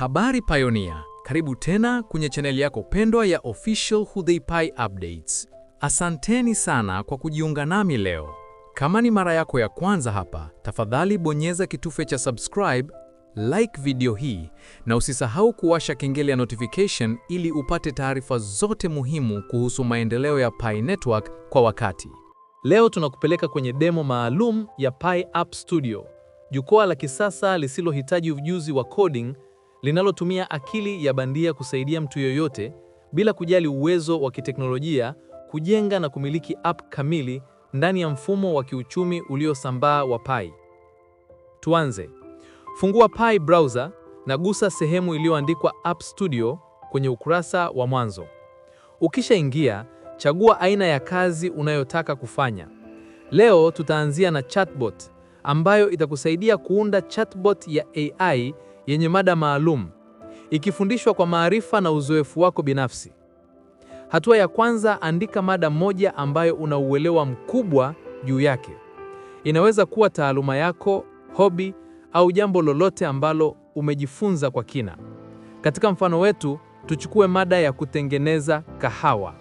Habari Pioneer, karibu tena kwenye chaneli yako pendwa ya Official Pi Updates. Asanteni sana kwa kujiunga nami leo. Kama ni mara yako ya kwanza hapa, tafadhali bonyeza kitufe cha subscribe, like video hii na usisahau kuwasha kengele ya notification ili upate taarifa zote muhimu kuhusu maendeleo ya Pi Network kwa wakati. Leo tunakupeleka kwenye demo maalum ya Pi App Studio, jukwaa la kisasa lisilohitaji ujuzi wa coding linalotumia akili ya bandia kusaidia mtu yoyote bila kujali uwezo wa kiteknolojia kujenga na kumiliki app kamili ndani ya mfumo wa kiuchumi uliosambaa wa Pi. Tuanze. Fungua Pi browser na gusa sehemu iliyoandikwa App Studio kwenye ukurasa wa mwanzo. Ukishaingia, chagua aina ya kazi unayotaka kufanya. Leo tutaanzia na chatbot ambayo itakusaidia kuunda chatbot ya AI yenye mada maalum ikifundishwa kwa maarifa na uzoefu wako binafsi. Hatua ya kwanza, andika mada moja ambayo una uelewa mkubwa juu yake. Inaweza kuwa taaluma yako, hobi au jambo lolote ambalo umejifunza kwa kina. Katika mfano wetu, tuchukue mada ya kutengeneza kahawa.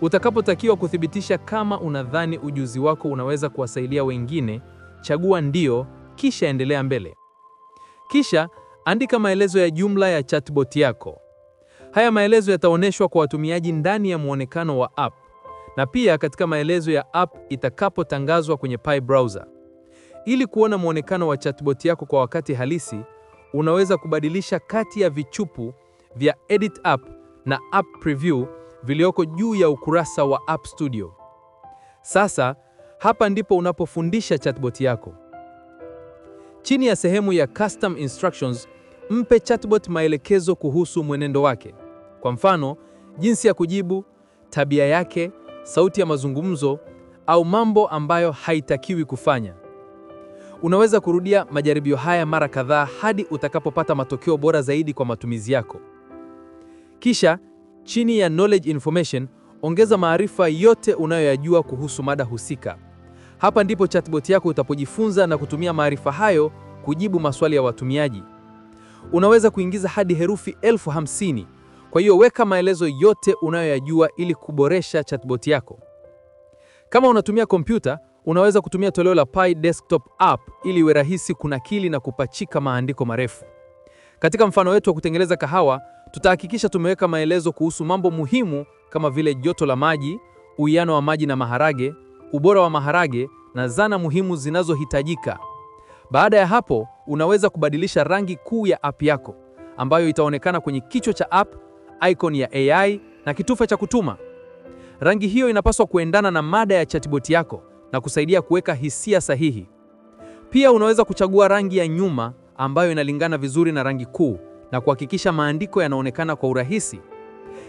Utakapotakiwa kuthibitisha kama unadhani ujuzi wako unaweza kuwasaidia wengine, chagua ndio, kisha endelea mbele. Kisha andika maelezo ya jumla ya chatbot yako. Haya maelezo yataonyeshwa kwa watumiaji ndani ya muonekano wa app na pia katika maelezo ya app itakapotangazwa kwenye Pi browser. Ili kuona muonekano wa chatbot yako kwa wakati halisi, unaweza kubadilisha kati ya vichupu vya edit app na app preview vilioko juu ya ukurasa wa App Studio. Sasa hapa ndipo unapofundisha chatbot yako. Chini ya sehemu ya custom instructions, mpe chatbot maelekezo kuhusu mwenendo wake. Kwa mfano, jinsi ya kujibu, tabia yake, sauti ya mazungumzo au mambo ambayo haitakiwi kufanya. Unaweza kurudia majaribio haya mara kadhaa hadi utakapopata matokeo bora zaidi kwa matumizi yako. Kisha, chini ya knowledge information, ongeza maarifa yote unayoyajua kuhusu mada husika. Hapa ndipo chatbot yako utapojifunza na kutumia maarifa hayo kujibu maswali ya watumiaji. Unaweza kuingiza hadi herufi elfu hamsini. Kwa hiyo weka maelezo yote unayoyajua ili kuboresha chatbot yako. Kama unatumia kompyuta, unaweza kutumia toleo la Pi Desktop app ili iwe rahisi kunakili na kupachika maandiko marefu. Katika mfano wetu wa kutengeneza kahawa, tutahakikisha tumeweka maelezo kuhusu mambo muhimu kama vile joto la maji, uwiano wa maji na maharage ubora wa maharage na zana muhimu zinazohitajika. Baada ya hapo, unaweza kubadilisha rangi kuu ya app yako ambayo itaonekana kwenye kichwa cha app, icon ya AI na kitufe cha kutuma. Rangi hiyo inapaswa kuendana na mada ya chatbot yako na kusaidia kuweka hisia sahihi. Pia unaweza kuchagua rangi ya nyuma ambayo inalingana vizuri na rangi kuu na kuhakikisha maandiko yanaonekana kwa urahisi.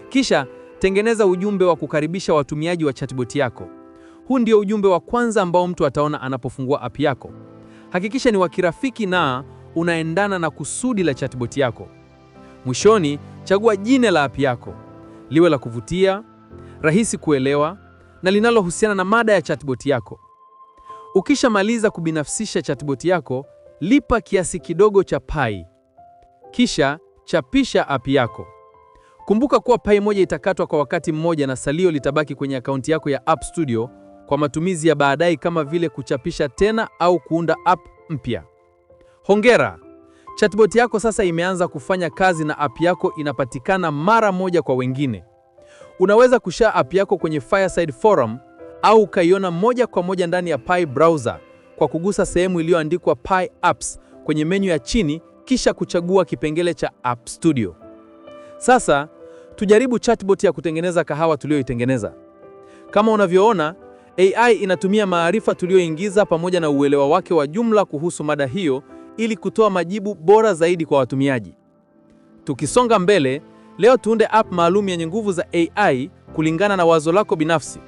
Kisha tengeneza ujumbe wa kukaribisha watumiaji wa chatbot yako. Huu ndio ujumbe wa kwanza ambao mtu ataona anapofungua app yako. Hakikisha ni wa kirafiki na unaendana na kusudi la chatbot yako. Mwishoni, chagua jina la app yako liwe la kuvutia, rahisi kuelewa na linalohusiana na mada ya chatbot yako. Ukishamaliza kubinafsisha chatbot yako, lipa kiasi kidogo cha pai, kisha chapisha app yako. Kumbuka kuwa pai moja itakatwa kwa wakati mmoja na salio litabaki kwenye akaunti yako ya App Studio kwa matumizi ya baadaye kama vile kuchapisha tena au kuunda app mpya. Hongera! Chatbot yako sasa imeanza kufanya kazi na app yako inapatikana mara moja kwa wengine. Unaweza kushare app yako kwenye Fireside Forum au ukaiona moja kwa moja ndani ya Pi browser kwa kugusa sehemu iliyoandikwa Pi Apps kwenye menu ya chini kisha kuchagua kipengele cha App Studio. Sasa tujaribu chatbot ya kutengeneza kahawa tuliyoitengeneza. Kama unavyoona AI inatumia maarifa tuliyoingiza pamoja na uelewa wake wa jumla kuhusu mada hiyo ili kutoa majibu bora zaidi kwa watumiaji. Tukisonga mbele, leo tuunde app maalum yenye nguvu za AI kulingana na wazo lako binafsi.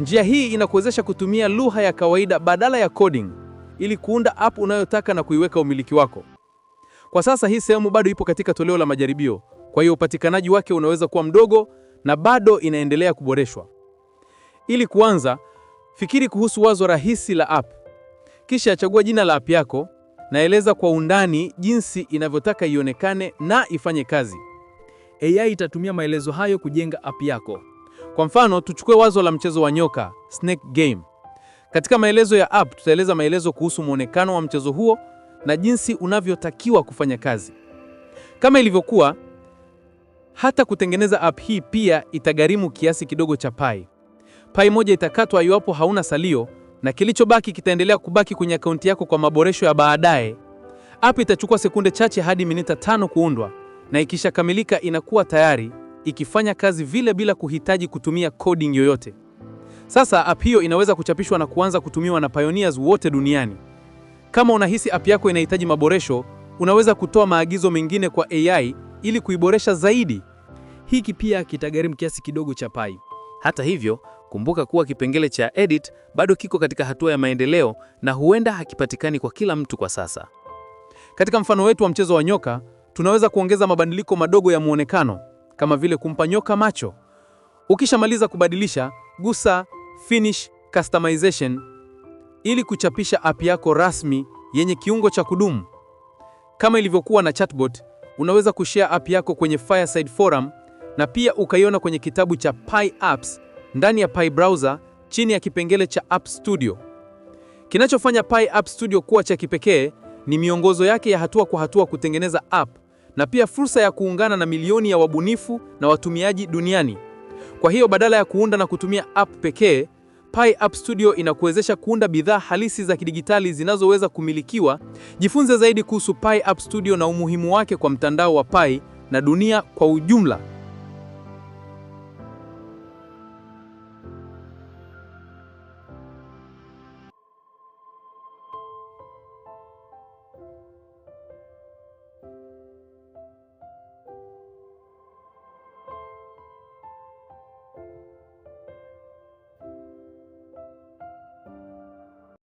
Njia hii inakuwezesha kutumia lugha ya kawaida badala ya coding ili kuunda app unayotaka na kuiweka umiliki wako. Kwa sasa hii sehemu bado ipo katika toleo la majaribio, kwa hiyo upatikanaji wake unaweza kuwa mdogo na bado inaendelea kuboreshwa. Ili kuanza Fikiri kuhusu wazo rahisi la app, kisha chagua jina la app yako. Naeleza kwa undani jinsi inavyotaka ionekane na ifanye kazi. AI itatumia maelezo hayo kujenga app yako. Kwa mfano, tuchukue wazo la mchezo wa nyoka, Snake Game. Katika maelezo ya app, tutaeleza maelezo kuhusu mwonekano wa mchezo huo na jinsi unavyotakiwa kufanya kazi. Kama ilivyokuwa, hata kutengeneza app hii pia itagharimu kiasi kidogo cha Pai. Pai moja itakatwa iwapo hauna salio na kilichobaki kitaendelea kubaki kwenye akaunti yako kwa maboresho ya baadaye. App itachukua sekunde chache hadi minita tano kuundwa na ikishakamilika inakuwa tayari ikifanya kazi vile bila kuhitaji kutumia coding yoyote. Sasa app hiyo inaweza kuchapishwa na kuanza kutumiwa na pioneers wote duniani. Kama unahisi app yako inahitaji maboresho, unaweza kutoa maagizo mengine kwa AI ili kuiboresha zaidi. Hiki pia kitagharimu kiasi kidogo cha Pai. Hata hivyo Kumbuka kuwa kipengele cha edit bado kiko katika hatua ya maendeleo na huenda hakipatikani kwa kila mtu kwa sasa. Katika mfano wetu wa mchezo wa nyoka, tunaweza kuongeza mabadiliko madogo ya muonekano kama vile kumpa nyoka macho. Ukishamaliza kubadilisha, gusa finish customization ili kuchapisha app yako rasmi yenye kiungo cha kudumu. Kama ilivyokuwa na chatbot, unaweza kushare app yako kwenye Fireside Forum na pia ukaiona kwenye kitabu cha Pi Apps ndani ya Pi browser chini ya kipengele cha App Studio. Kinachofanya Pi App Studio kuwa cha kipekee ni miongozo yake ya hatua kwa hatua kutengeneza app na pia fursa ya kuungana na milioni ya wabunifu na watumiaji duniani. Kwa hiyo badala ya kuunda na kutumia app pekee, Pi App Studio inakuwezesha kuunda bidhaa halisi za kidijitali zinazoweza kumilikiwa. Jifunze zaidi kuhusu Pi App Studio na umuhimu wake kwa mtandao wa Pi na dunia kwa ujumla.